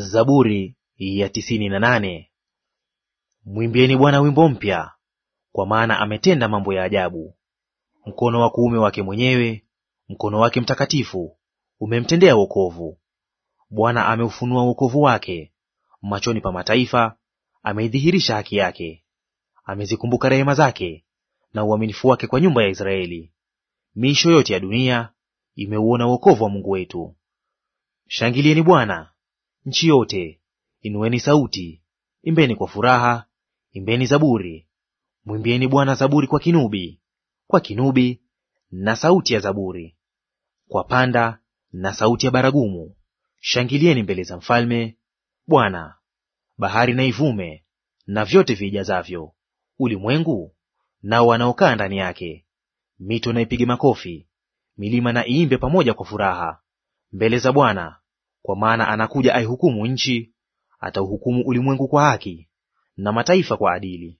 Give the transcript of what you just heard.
Zaburi ya tisini na nane. Mwimbieni Bwana wimbo mpya, kwa maana ametenda mambo ya ajabu. Mkono wa kuume wake mwenyewe, mkono wake mtakatifu umemtendea wokovu. Bwana ameufunua wokovu wake machoni pa mataifa, ameidhihirisha haki yake. Amezikumbuka rehema zake na uaminifu wake kwa nyumba ya Israeli. Miisho yote ya dunia imeuona wokovu wa Mungu wetu. Shangilieni Bwana Nchi yote inueni sauti, imbeni kwa furaha, imbeni zaburi, mwimbieni Bwana zaburi kwa kinubi, kwa kinubi na sauti ya zaburi, kwa panda na sauti ya baragumu. Shangilieni mbele za mfalme Bwana. Bahari na ivume na vyote viijazavyo, ulimwengu nao wanaokaa ndani yake. Mito na ipige makofi, milima na iimbe pamoja kwa furaha mbele za Bwana kwa maana anakuja aihukumu nchi, atauhukumu ulimwengu kwa haki, na mataifa kwa adili.